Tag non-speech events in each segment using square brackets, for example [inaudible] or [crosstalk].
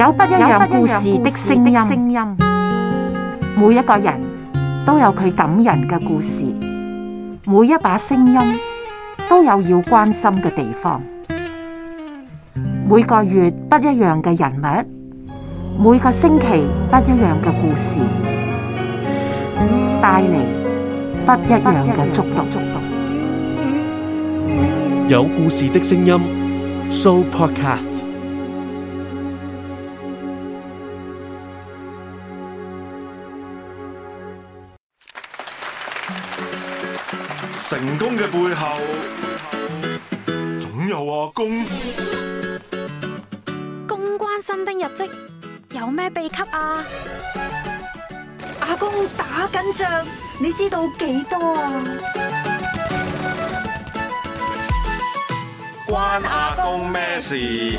有不一樣故事的聲音，每一個人都有佢感人嘅故事，每一把聲音都有要關心嘅地方。每個月不一樣嘅人物，每個星期不一樣嘅故事，帶嚟不一樣嘅觸動。有故事的聲音，So Podcast。公公關新丁入職有咩秘笈啊？阿公打緊仗，你知道幾多啊？關阿公咩事？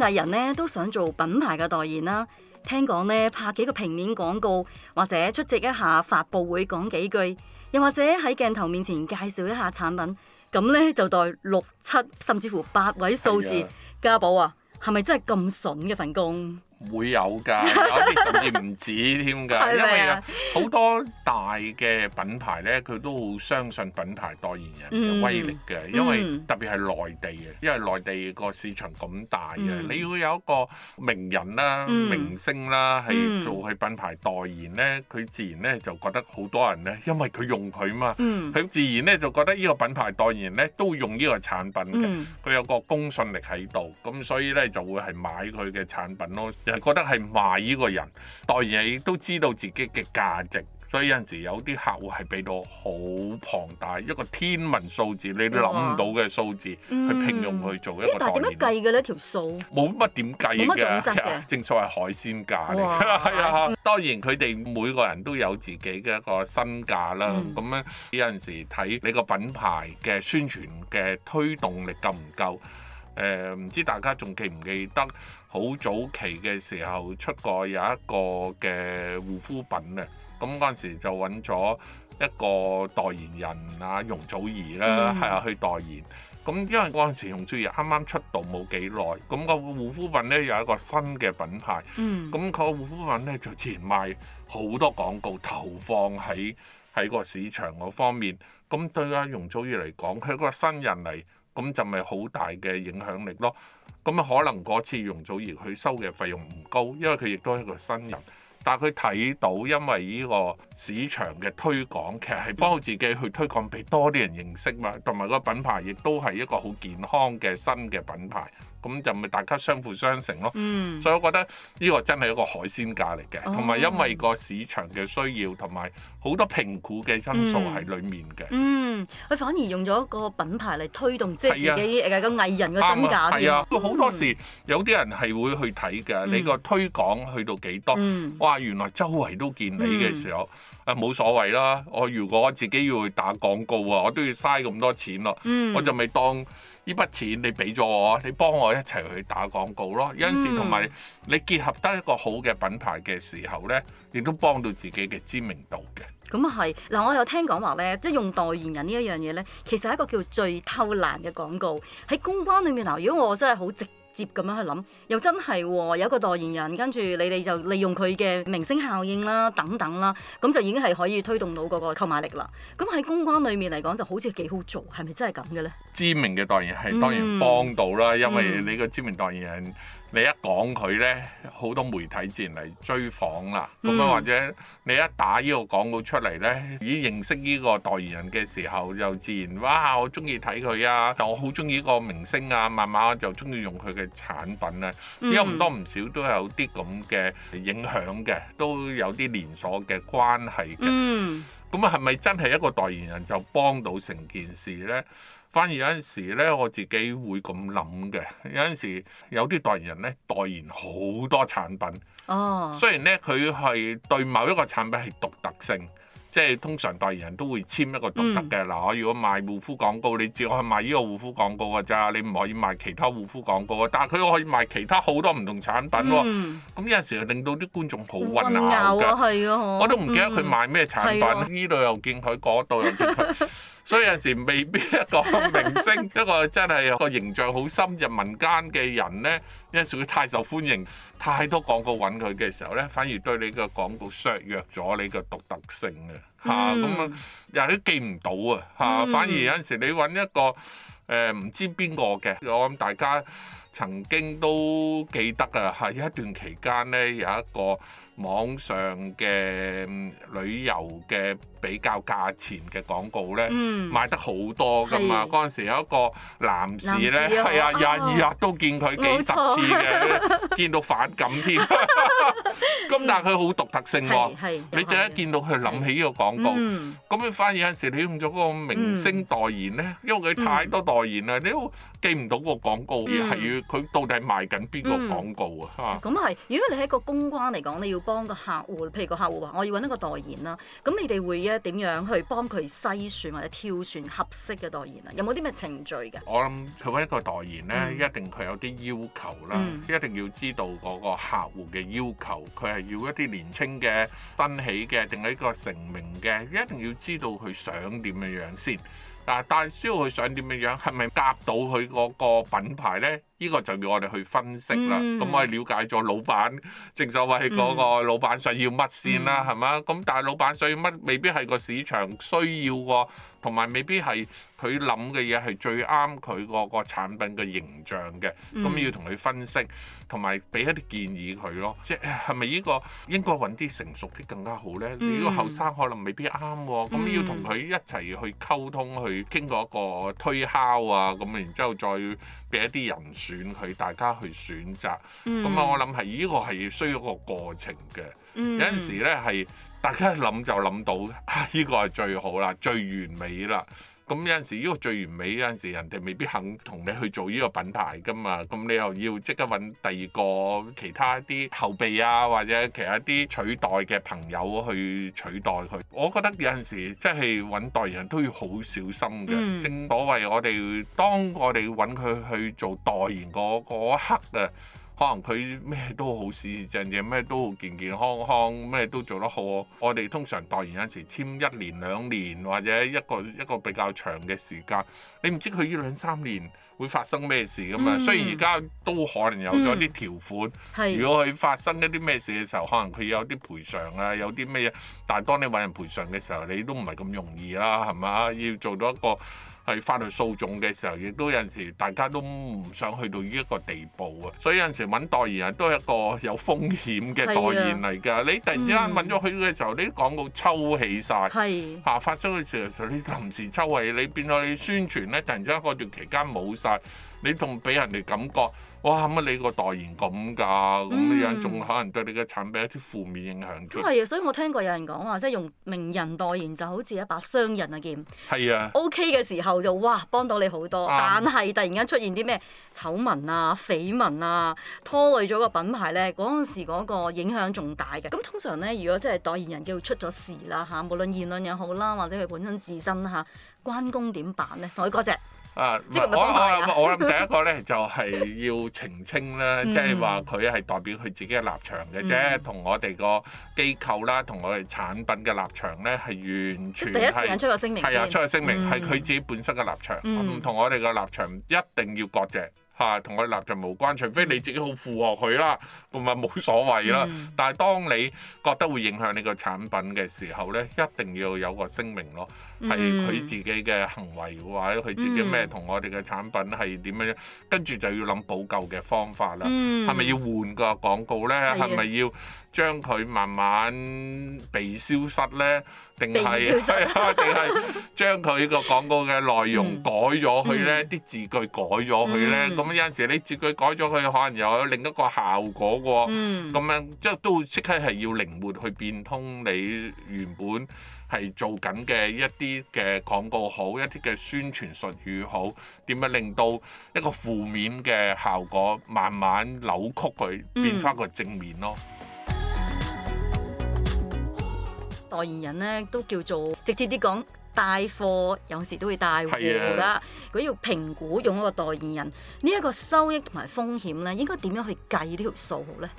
大人咧都想做品牌嘅代言啦，聽講咧拍幾個平面廣告，或者出席一下發布會講幾句，又或者喺鏡頭面前介紹一下產品，咁咧就代六七甚至乎八位數字。的家寶啊，係咪真係咁筍嘅份工？會有㗎，有啲甚至唔止添㗎，因為好多大嘅品牌咧，佢都好相信品牌代言人嘅威力嘅，嗯、因為特別係內地嘅，因為內地個市場咁大啊，嗯、你要有一個名人啦、啊、嗯、明星啦、啊，係做佢品牌代言咧，佢自然咧就覺得好多人咧，因為佢用佢啊嘛，佢、嗯、自然咧就覺得呢個品牌代言人咧都用呢個產品嘅，佢、嗯、有個公信力喺度，咁所以咧就會係買佢嘅產品咯。就覺得係賣呢個人，當然你都知道自己嘅價值，所以有陣時有啲客戶係俾到好龐大一個天文數字，哇你諗唔到嘅數字、嗯、去聘用去做一個代言。因為但係點樣計嘅呢條數？冇乜點計嘅，正所謂係海鮮價嚟嘅，啊哇。 [laughs] 嗯、當然佢哋每個人都有自己嘅一個身價啦。咁樣、嗯、有陣時睇你個品牌嘅宣傳嘅推動力夠唔夠？誒、呃，唔知大家仲記唔記得？好早期嘅時候出過有一個嘅護膚品嘅，咁嗰陣時就揾咗一個代言人啊容祖兒啦、啊，係、mm hmm. 啊去代言。咁因為嗰陣時容祖兒啱啱出道冇幾耐，咁、個護膚品呢有一個新嘅品牌，咁、mm hmm. 個護膚品呢就自然賣好多廣告投放喺喺個市場嗰方面。咁對阿容祖兒嚟講，佢係個新人嚟。咁就咪好大嘅影響力咯。咁啊，可能嗰次容祖兒佢收嘅費用唔高，因為佢亦都係一個新人。但係佢睇到，因為呢個市場嘅推廣，其實係幫自己去推廣，俾多啲人認識嘛。同埋個品牌亦都係一個好健康嘅新嘅品牌。咁就咪大家相輔相成咯。嗯。所以我覺得呢個真係一個海鮮價嚟嘅，同埋、哦、因為個市場嘅需要同埋。好多評估嘅因素喺裡面嘅、嗯。嗯，佢反而用咗個品牌嚟推動，啊、即係自己誒個藝人嘅身價。啱啊，好、嗯、多時有啲人係會去睇嘅。嗯、你個推廣去到幾多？嗯、哇，原來周圍都見你嘅時候，嗯、啊冇所謂啦。我如果我自己要去打廣告啊，我都要嘥咁多錢咯。嗯、我就咪當呢筆錢你俾咗我，你幫我一齊去打廣告咯。有陣時同埋你結合得一個好嘅品牌嘅時候咧，亦都幫到自己嘅知名度嘅。咁啊嗱我又聽講話咧，即係用代言人呢一樣嘢咧，其實係一個叫最偷懶嘅廣告喺公關裏面啊！如果我真係好直接咁樣去諗，又真係有個代言人，跟住你哋就利用佢嘅明星效應啦，等等啦，咁就已經係可以推動到嗰個購買力啦。咁喺公關裏面嚟講，就好似幾好做，係咪真係咁嘅咧？知名嘅代言人係當然幫到啦，因為你個知名代言人。你一講佢呢，好多媒體自然嚟追訪啦。咁啊、嗯，或者你一打呢個廣告出嚟呢，已經認識呢個代言人嘅時候，又自然哇，我中意睇佢啊，但我好中意呢個明星啊，慢慢就中意用佢嘅產品啊。有唔、嗯、多唔少都有啲咁嘅影響嘅，都有啲連鎖嘅關係嘅。咁啊、嗯，係咪真係一個代言人就幫到成件事呢？反而有陣時咧，我自己會咁諗嘅。有陣時有啲代言人咧，代言好多產品。哦。雖然咧，佢係對某一個產品係獨特性，即係通常代言人都會簽一個獨特嘅。嗱、嗯，我如果賣護膚廣告，你只可以賣呢個護膚廣告㗎咋，你唔可以賣其他護膚廣告。但係佢可以賣其他好多唔同產品喎。嗯。咁有陣時令到啲觀眾好混淆，混淆，啊、係啊、我都唔記得佢賣咩產品。呢度，嗯、又見佢，嗰度又見佢。 [laughs] [laughs] 所以有陣時未必一個明星，一個真係有個形象好深入民間嘅人咧，有陣時佢太受歡迎，太多廣告揾佢嘅時候咧，反而對你個廣告削弱咗你個獨特性嘅嚇，咁、mm. 啊人哋都記唔到啊嚇，mm. 反而有陣時你揾一個誒唔、呃、知邊個嘅，我諗大家曾經都記得啊，係一段期間咧有一個。網上嘅旅遊嘅比較價錢嘅廣告咧，賣得好多㗎嘛！嗰陣時有一個男士咧，係啊，日日都見佢幾十次嘅，見到反感添。咁但係佢好獨特性喎，你就一見到佢諗起呢個廣告。咁你發現有陣時，你用咗嗰個明星代言咧，因為佢太多代言啦，你，記唔到個廣告嘅係要佢到底賣緊邊個廣告、嗯、啊？咁係，如果你喺個公關嚟講，你要幫個客戶，譬如個客戶話我要揾一個代言啦，咁你哋會一點樣去幫佢篩選或者挑選合適嘅代言啊？有冇啲咩程序嘅？我諗佢揾一個代言咧，嗯、一定佢有啲要求啦，一定要知道嗰個客戶嘅要求，佢係要一啲年輕嘅、新起嘅定係一個成名嘅，一定要知道佢想點嘅樣先。但但係需要佢想點嘅樣，係咪夾到佢嗰個品牌呢？呢個就要我哋去分析啦。咁、嗯、我哋了解咗老闆，正所謂嗰個老闆想要乜先啦，係咪？咁但係老闆想要乜，未必係個市場需要喎，同埋未必係佢諗嘅嘢係最啱佢嗰個產品嘅形象嘅。咁、嗯、要同佢分析，同埋俾一啲建議佢咯。即係咪呢個應該揾啲成熟啲更加好呢？呢個後生可能未必啱喎。咁、嗯、要同佢一齊去溝通，去經過一個推敲啊。咁然之後，後再俾一啲人。選佢，大家去選擇。咁啊、嗯，我諗係呢個係需要個過程嘅。嗯、有陣時咧，係大家諗就諗到嘅，呢 [laughs] 個係最好啦，最完美啦。咁有陣時呢個最完美，有陣時人哋未必肯同你去做呢個品牌噶嘛，咁你又要即刻揾第二個其他啲後備啊，或者其他啲取代嘅朋友去取代佢。我覺得有陣時即係揾代言都要好小心嘅，嗯、正所謂我哋當我哋揾佢去做代言嗰一刻啊。可能佢咩都好事，正嘢咩都健健康康，咩都做得好。我哋通常代言有陣時簽一年兩年或者一個一個比較長嘅時間，你唔知佢呢兩三年會發生咩事噶嘛？嗯、雖然而家都可能有咗啲條款，嗯、如果佢發生一啲咩事嘅時候，可能佢有啲賠償啊，有啲咩嘢，但係當你揾人賠償嘅時候，你都唔係咁容易啦，係咪？要做到一個。係法律訴訟嘅時候，亦都有陣時大家都唔想去到呢一個地步啊，所以有陣時揾代言人，都係一個有風險嘅代言嚟㗎。的你突然之間揾咗佢嘅時候，啲、嗯、廣告抽起晒，嚇的、啊、發生嘅時候你於臨時抽起，你變咗你宣傳呢。突然之間嗰段期間冇晒，你仲俾人哋感覺。哇！乜你個代言咁㗎，咁嘅樣仲可能對你嘅產品一啲負面影響、嗯。都係啊，所以我聽過有人講話，即係用名人代言就好似一把雙刃嘅劍。係啊。OK 嘅時候就哇幫到你好多，嗯、但係突然間出現啲咩醜聞啊、緋聞啊，拖累咗個品牌咧，嗰陣時嗰個影響仲大嘅。咁通常咧，如果即係代言人叫出咗事啦嚇，無論言論又好啦，或者佢本身自身嚇關公點辦咧？同佢講啊！是是啊我我我諗第一個咧就係、是、要澄清咧，即係話佢係代表佢自己嘅立場嘅啫，同、嗯、我哋個機構啦，同我哋產品嘅立場咧係完全係。係一時係啊，出個聲明係佢、嗯、自己本身嘅立場，唔同、嗯、我哋嘅立場一定要割席嚇，同、啊、我哋立場無關，除非、嗯、你自己好附和佢啦，咁咪冇所謂啦。嗯、但係當你覺得會影響你個產品嘅時候咧，一定要有個聲明咯。係佢自己嘅行為，或者佢自己咩同我哋嘅產品係點樣？跟住、嗯、就要諗補救嘅方法啦。係咪、嗯、要換個廣告咧？係咪的要將佢慢慢被消失咧？定係？定係 [laughs] 將佢個廣告嘅內容改咗佢咧，啲、嗯、字句改咗佢咧。咁、嗯、有陣時你字句改咗佢，可能又有另一個效果喎。咁樣即係都即刻係要靈活去變通你原本。係做緊嘅一啲嘅廣告好，一啲嘅宣傳術語好，點樣令到一個負面嘅效果慢慢扭曲佢，變翻個正面咯。嗯、代言人咧都叫做直接啲講帶貨，有時都會帶貨啦。佢、啊、要評估用一個代言人呢一、這個收益同埋風險咧，應該點樣去計呢條數咧？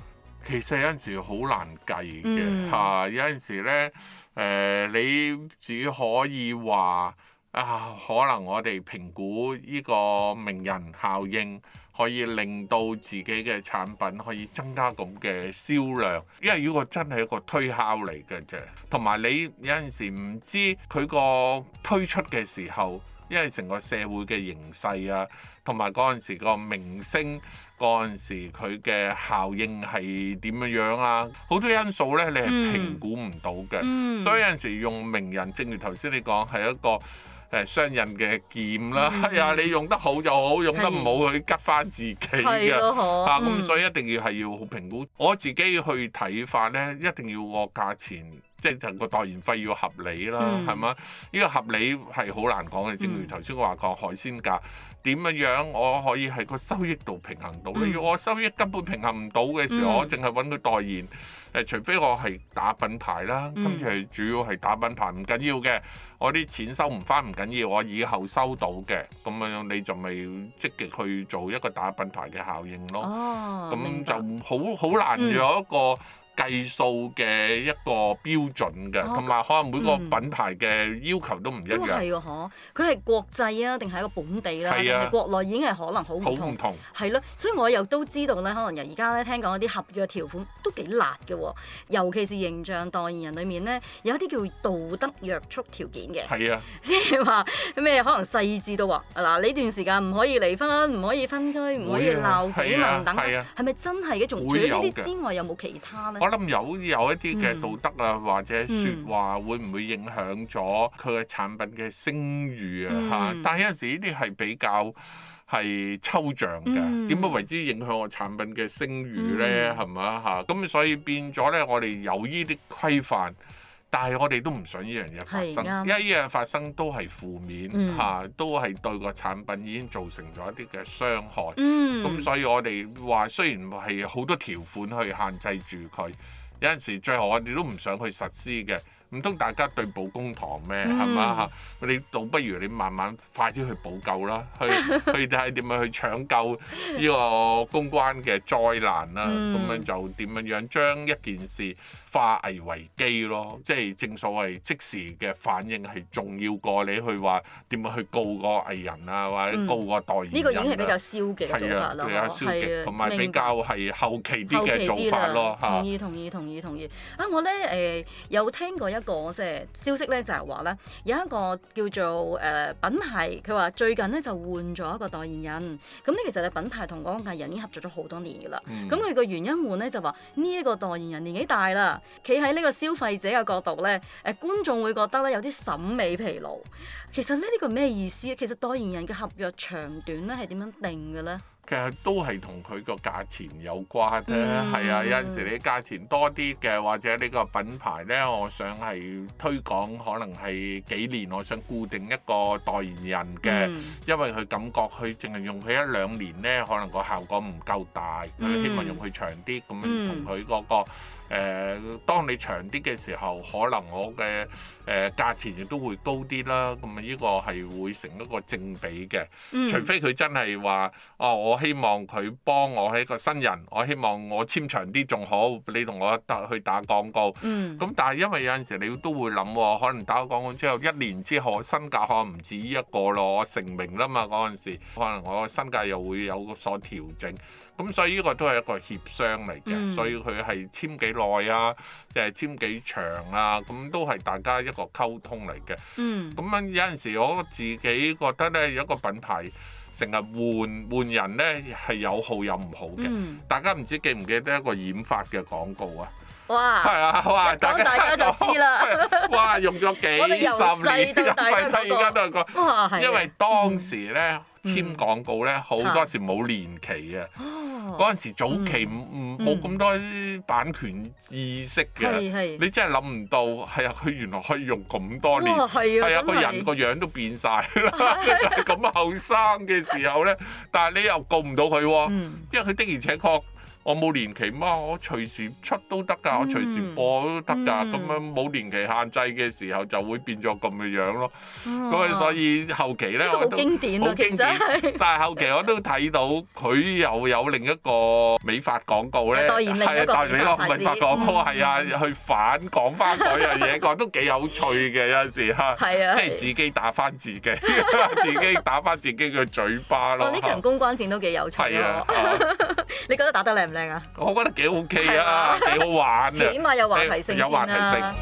其實有陣時好難計嘅嚇、嗯啊，有陣時咧。誒、呃，你只可以話啊，可能我哋評估呢個名人效應，可以令到自己嘅產品可以增加咁嘅銷量。因為如果真係一個推敲嚟嘅啫，同埋你有陣時唔知佢個推出嘅時候，因為成個社會嘅形勢啊。同埋嗰陣時個明星，嗰陣時佢嘅效應係點樣樣啊？好多因素咧，你係評估唔到嘅。嗯嗯、所以有陣時用名人，正如頭先你講，係一個誒雙刃嘅劍啦。係啊、嗯哎，你用得好就好，用得唔好，佢吉翻自己嘅嚇。咁、嗯、所以一定要係要評估，嗯、我自己去睇法咧，一定要個價錢。即係個代言費要合理啦，係嘛、嗯？呢個合理係好難講嘅。正如頭先我話講海鮮價點嘅、嗯、樣，我可以喺個收益度平衡到。你如果、嗯、我收益根本平衡唔到嘅時候，嗯、我淨係揾佢代言。誒，除非我係打品牌啦，咁其實主要係打品牌，唔緊要嘅。我啲錢收唔返唔緊要，我以後收到嘅咁樣，你就咪積極去做一個打品牌嘅效應咯。咁、啊、明白就好好難有一個計數嘅一個標準嘅，同埋可能每個品牌嘅要求都唔一樣。都係喎，佢係國際啊，定係一個本地咧？係啊。國內已經係可能好唔同。好係咯，所以我又都知道咧，可能而家咧聽講啲合約條款都幾辣嘅喎，尤其是形象代言人裡面咧，有一啲叫道德約束條件嘅。係啊。即係話咩？可能細緻到話嗱，呢段時間唔可以離婚，唔可以分居，唔可以鬧緋聞，等等。係咪真係嘅？仲除咗呢啲之外，有冇其他咧？我諗有有一啲嘅道德啊，或者説話會唔會影響咗佢嘅產品嘅聲譽啊？嚇、嗯！但係有陣時呢啲係比較係抽象嘅，點解、嗯、為之影響我產品嘅聲譽咧？係咪啊？嚇！咁所以變咗咧，我哋有依啲規範。但係我哋都唔想呢樣嘢發生，係嘅、對、因為呢樣發生都係負面嚇，嗯、都係對個產品已經造成咗一啲嘅傷害。咁、嗯、所以我哋話雖然係好多條款去限制住佢，有陣時最後我哋都唔想去實施嘅。唔通大家對簿公堂咩？係嘛嚇？你倒不如你慢慢快啲去補救啦，去、嗯、去睇點樣去搶救呢個公關嘅災難啦。咁、嗯嗯、樣就點樣樣將一件事？化危為機咯，即係正所謂即時嘅反應係重要過你去話點樣去告個藝人啊，或者告個代言、啊嗯。呢、這個已經係比較消極嘅做法咯，同埋、啊、比較係、啊、後期啲嘅做法咯。同意同意同意同意啊！我咧誒、呃、有聽過一個即係消息咧，就係話咧有一個叫做誒、呃、品牌，佢話最近咧就換咗一個代言人。咁、嗯、呢、嗯、其實嘅品牌同嗰個藝人已經合作咗好多年噶啦。咁佢個原因換咧就話呢一個代言人年紀大啦。企喺呢個消費者嘅角度咧，誒、呃，觀眾會覺得咧有啲審美疲勞。其實咧呢、呢個咩意思？其實代言人嘅合約長短咧係點樣定嘅咧？其實都係同佢個價錢有關啦。係、嗯、啊，嗯、有陣時你價錢多啲嘅，或者呢個品牌咧，我想係推廣，可能係幾年，我想固定一個代言人嘅，嗯、因為佢感覺佢淨係用佢一兩年咧，可能個效果唔夠大，嗯、希望用佢長啲，咁同佢嗰個。誒，當你長啲嘅時候，可能我嘅。誒，價錢亦都會高啲啦，咁呢依個係會成一個正比嘅。嗯、除非佢真係話哦，我希望佢幫我係個新人，我希望我簽長啲仲好，你同我打去打廣告。咁、嗯、但係因為有陣時你都會諗喎，可能打咗廣告之後一年之後，身價可能唔止依、這、一個咯，我成名啦嘛嗰陣時，可能我身價又會有所調整。咁所以呢個都係一個協商嚟嘅，嗯、所以佢係簽幾耐啊，定係簽幾長啊，咁都係大家一個溝通嚟嘅。嗯、咁樣有陣時我自己覺得咧，有一個品牌成日換換人咧，係有好有唔好嘅。嗯、大家唔知記唔記得一個染髮嘅廣告啊，哇啊？哇，係啊，哇，我大家就知啦。 [laughs] 哇，用咗幾十年， [laughs] 大家都而家都係個，因為當時咧。嗯嗯、簽廣告咧，好多時冇年期啊！嗰陣時早期唔唔冇咁多版權意識嘅，嗯嗯、你真係諗唔到，係啊！佢原來可以用咁多年，係啊！啊的個人個樣都變晒。啦、啊，啊、 [laughs] 就係咁後生嘅時候咧， [laughs] 但係你又告唔到佢、哦，嗯、因為佢的而且確。我冇年期嘛，我隨時出都得㗎，我隨時播都得㗎。咁樣冇年期限制嘅時候就會變咗咁嘅樣咯。咁所以後期咧我都好經典，但係後期我都睇到佢又有另一個美髮廣告咧，係啊，代言咯，唔係美髮廣告，係啊，去反講翻嗰樣嘢，講都幾有趣嘅，有陣時係，即係自己打翻自己，自己打翻自己嘅嘴巴咯。我呢場公關戰都幾有趣咯。你覺得打得靚？靚啊！我覺得幾 OK 啊，幾吧好玩啊！ [laughs] 起碼有話題性先啦。欸、有話題性，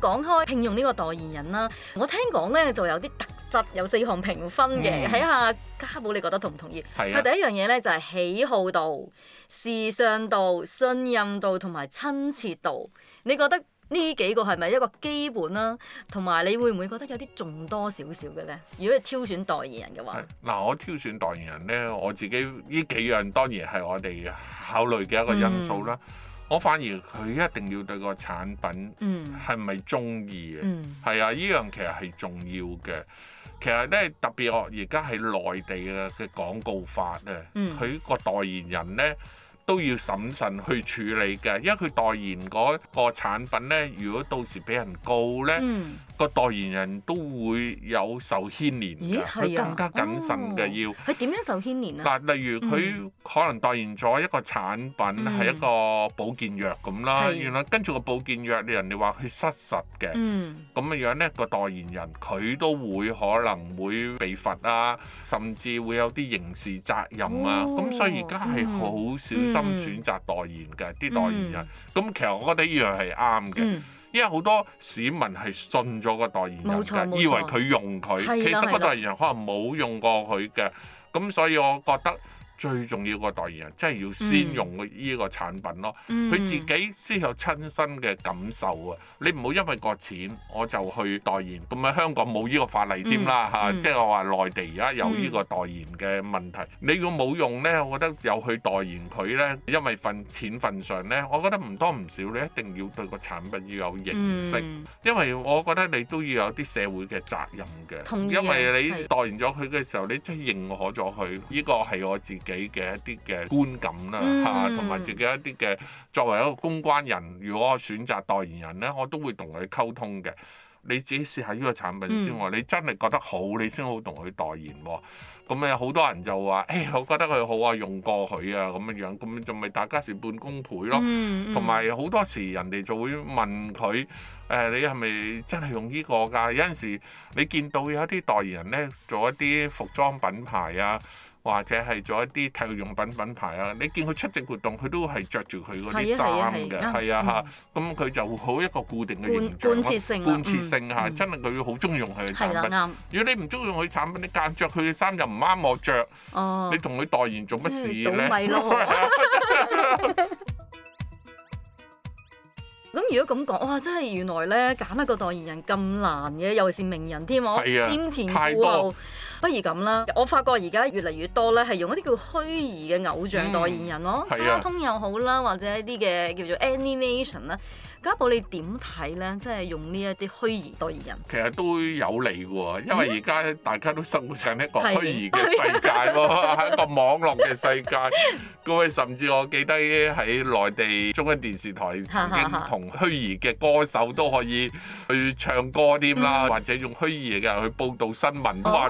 講開聘用呢個代言人啦，我聽講咧就有啲特質，有四項評分嘅，睇下、嗯啊、家寶你覺得同唔同意？係啊。佢第一樣嘢咧就係、是、喜好度、時尚度、信任度同埋親切度，你覺得？呢幾個係咪一個基本啦？同埋你會唔會覺得有啲仲多少少嘅咧？如果係挑選代言人嘅話，嗱，我挑選代言人咧，我自己呢幾樣當然係我哋考慮嘅一個因素啦。嗯、我反而佢一定要對個產品是是，嗯，係咪中意嘅？嗯，係啊，呢樣其實係重要嘅。其實咧特別我而家喺內地嘅嘅廣告法咧，佢個代言人咧。都要審慎去處理嘅，因為佢代言嗰個產品咧，如果到時俾人告咧，個代言人都會有受牽連㗎，佢更加謹慎嘅要。佢點樣受牽連啊？嗱，例如佢可能代言咗一個產品係一個保健藥咁啦，原來跟住個保健藥人哋話佢失實嘅，咁嘅樣咧，個代言人佢都會可能會被罰啊，甚至會有啲刑事責任啊，咁所以而家係好少。咁、嗯、選擇代言嘅啲代言人，咁、嗯、其實我覺得呢樣係啱嘅，嗯、因為好多市民係信咗個代言人嘅，錯以為佢用佢，錯其實個代言人可能冇用過佢嘅，咁、嗯、所以我覺得。最重要個代言人真係要先用呢個產品咯，佢、嗯、自己先有親身嘅感受啊！你唔好因為個錢我就去代言，咁啊香港冇呢個法例添啦嚇，即係我話內地而家有呢個代言嘅問題。嗯、你要冇用呢，我覺得有去代言佢呢。因為份錢份上呢，我覺得唔多唔少，你一定要對個產品要有認識，嗯、因為我覺得你都要有啲社會嘅責任嘅，同意，因為你代言咗佢嘅時候，你真係認可咗佢，呢個係我自己己嘅一啲嘅觀感啦嚇，同埋、嗯、自己一啲嘅作為一個公關人，如果我選擇代言人咧，我都會同佢溝通嘅。你自己試下呢個產品先喎，嗯、你真係覺得好，你先好同佢代言喎。咁啊，好多人就話，誒、哎，我覺得佢好啊，用過佢啊，咁樣樣，咁就咪大家事半功倍咯。同埋好多時人哋就會問佢，誒、呃，你係咪真係用呢個㗎？有陣時你見到有一啲代言人咧，做一啲服裝品牌啊。或者係做一啲體育用品品牌啊，你見佢出席活動，佢都係着住佢嗰啲衫嘅，係啊嚇，咁佢、啊、就好一個固定嘅形象咯。貫徹性啊，貫徹性嚇，嗯、真係佢好中意用佢嘅產品。嗯嗯嗯嗯、如果你唔中意用佢產品，你間着佢嘅衫就唔啱我着，哦、你同佢代言做乜事咧？倒米咯。 [laughs] 咁如果咁講，哇！真係原來咧揀一個代言人咁難嘅，尤其是名人添，我瞻、啊、前顧後，多不如咁啦。我發覺而家越嚟越多咧，係用一啲叫虛擬嘅偶像代言人咯，卡、嗯啊、通又好啦，或者一啲嘅叫做 animation 啦。家寶，你點睇咧？即係用呢一啲虛擬代言人，其實都有利嘅喎。因為而家大家都生活上喺一個虛擬嘅世界喎，喺的 [laughs] 一個網絡嘅世界。各位甚至我記得喺內地中央電視台曾經同虛擬嘅歌手都可以去唱歌添啦，的或者用虛擬嘅人去報導新聞都話，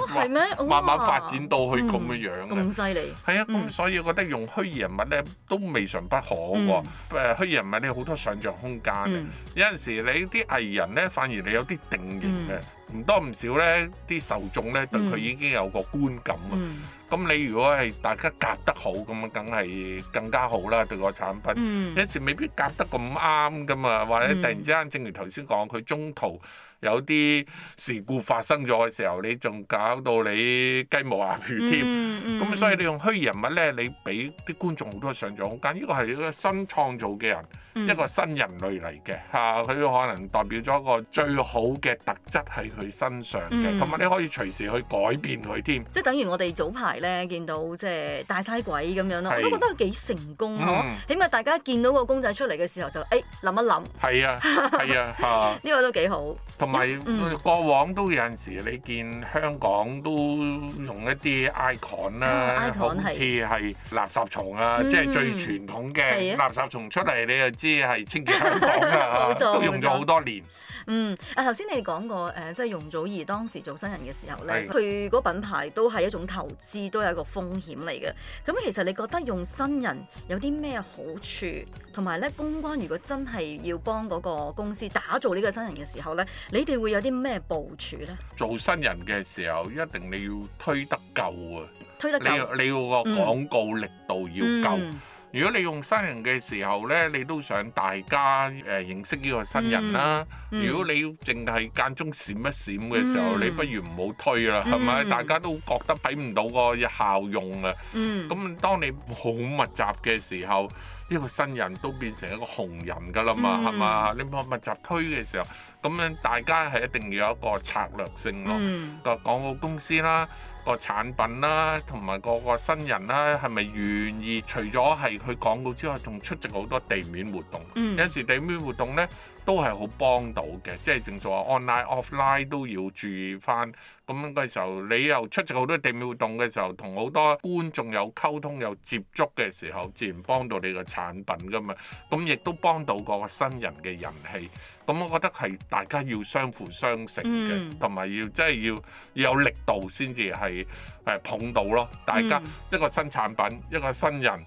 慢慢發展到去咁嘅樣，樣。咁犀利！係啊，咁所以我覺得用虛擬人物咧都未嘗不可喎。誒、嗯，虛擬人物你好多想像空間。嗯、有陣時你啲藝人咧，反而你有啲定型嘅，嗯、唔多唔少咧，啲受眾咧對佢已經有個觀感啊。嗯嗯。咁你如果係大家夾得好，咁啊梗係更加好啦對個產品。嗯、有時未必夾得咁啱㗎嘛，或者突然之間正如頭先講，佢中途有啲事故發生咗嘅時候，你仲搞到你雞毛鴨血添。咁、嗯嗯、所以你用虛擬人物咧，你俾啲觀眾好多想象空間，呢個係一個新創造嘅人，嗯、一個新人類嚟嘅吓，佢、啊、可能代表咗一個最好嘅特質喺佢身上嘅，同埋、嗯、你可以隨時去改變佢添。嗯、即係等於我哋早排。咧見到即係大嘥鬼咁樣咯，我都覺得佢幾成功咯。起碼大家見到個公仔出嚟嘅時候就誒諗一諗。係啊，係啊，呢個都幾好。同埋過往都有陣時，你見香港都用一啲 icon 啦，icon 好似係垃圾蟲啊，即係最傳統嘅垃圾蟲出嚟，你就知係清潔香港啦，都用咗好多年。嗯，啊頭先你講過誒，即係容祖兒當時做新人嘅時候咧，佢個品牌都係一種投資。都係一個風險嚟嘅，咁其實你覺得用新人有啲咩好處？同埋咧，公關如果真係要幫嗰個公司打造呢個新人嘅時候咧，你哋會有啲咩部署咧？做新人嘅時候，一定你要推得夠啊！推得夠，你要個廣告力度要夠。嗯嗯如果你用新人嘅時候呢，你都想大家誒、呃、認識呢個新人啦、啊。嗯嗯、如果你淨係間中閃一閃嘅時候，嗯、你不如唔好推啦，係咪、嗯？大家都覺得俾唔到個效用啊。咁、嗯、當你好密集嘅時候，呢、呢個新人都變成一個紅人㗎啦嘛，係嘛、嗯？你冇密集推嘅時候，咁樣大家係一定要有一個策略性咯、啊。個廣告公司啦。個產品啦，同埋個個新人啦，係咪願意？除咗係佢廣告之外，仲出席好多地面活動。嗯、有時地面活動呢。都係好幫到嘅，即係正所謂 online、offline 都要注意翻。咁嘅時候，你又出席好多地面活動嘅時候，同好多觀眾有溝通、有接觸嘅時候，自然幫到你個產品噶嘛。咁亦都幫到個新人嘅人氣。咁我覺得係大家要相輔相成嘅，同埋、mm. 要即係要要有力度先至係誒捧到咯。大家一個新產品，一個新人。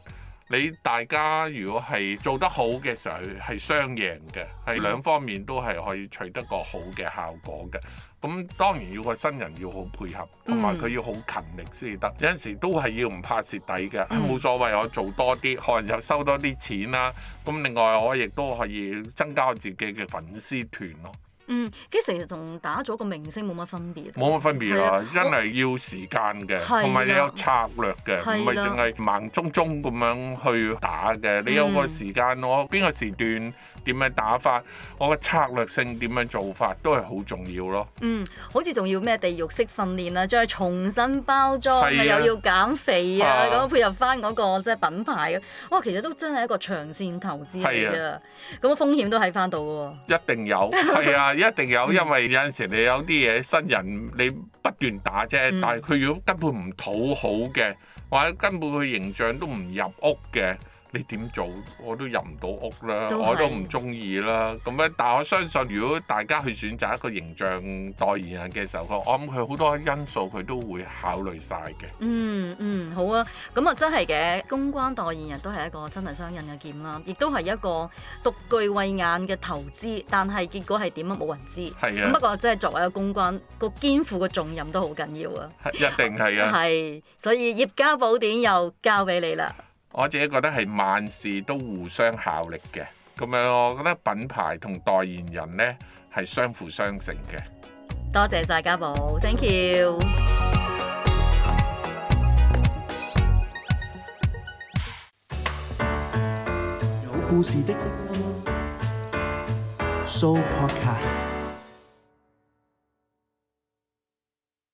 你大家如果係做得好嘅時候，係係雙贏嘅，係、mm. 兩方面都係可以取得個好嘅效果嘅。咁當然要個新人要好配合，同埋佢要好勤力先得。有陣時都係要唔怕蝕底嘅，冇所謂，我做多啲，可能又收多啲錢啦。咁另外我亦都可以增加我自己嘅粉絲團咯。嗯，其實同打咗個明星冇乜分別。冇乜分別啊，真係要時間嘅，同埋你有策略嘅，唔係淨係盲中中咁樣去打嘅。你有個時間咯，邊個時段點樣打法，我個策略性點樣做法都係好重要咯。嗯，好似仲要咩地獄式訓練啊，再重新包裝，又要減肥啊，咁配合翻嗰個即係品牌。哇，其實都真係一個長線投資嚟嘅，咁風險都喺翻度喎。一定有，係啊。一定有，因為有陣時你有啲嘢新人，你不斷打啫。但係佢如果根本唔討好嘅，或者根本佢形象都唔入屋嘅。你點做我都入唔到屋啦，都是我都唔中意啦。咁咧，但我相信如果大家去選擇一個形象代言人嘅時候，我諗佢好多因素佢都會考慮晒嘅。嗯嗯，好啊。咁啊，真係嘅，公關代言人都係一個真係雙刃嘅劍啦，亦都係一個獨具慧眼嘅投資。但係結果係點啊？冇人知。係啊。不過即係作為個公關，個肩負嘅重任都好緊要啊。一定係啊，係，所以葉家寶典又交俾你啦。我自己覺得係萬事都互相效力嘅，咁樣我覺得品牌同代言人呢係相輔相成嘅。多謝晒家寶，Thank you。有故事的 Show Podcast。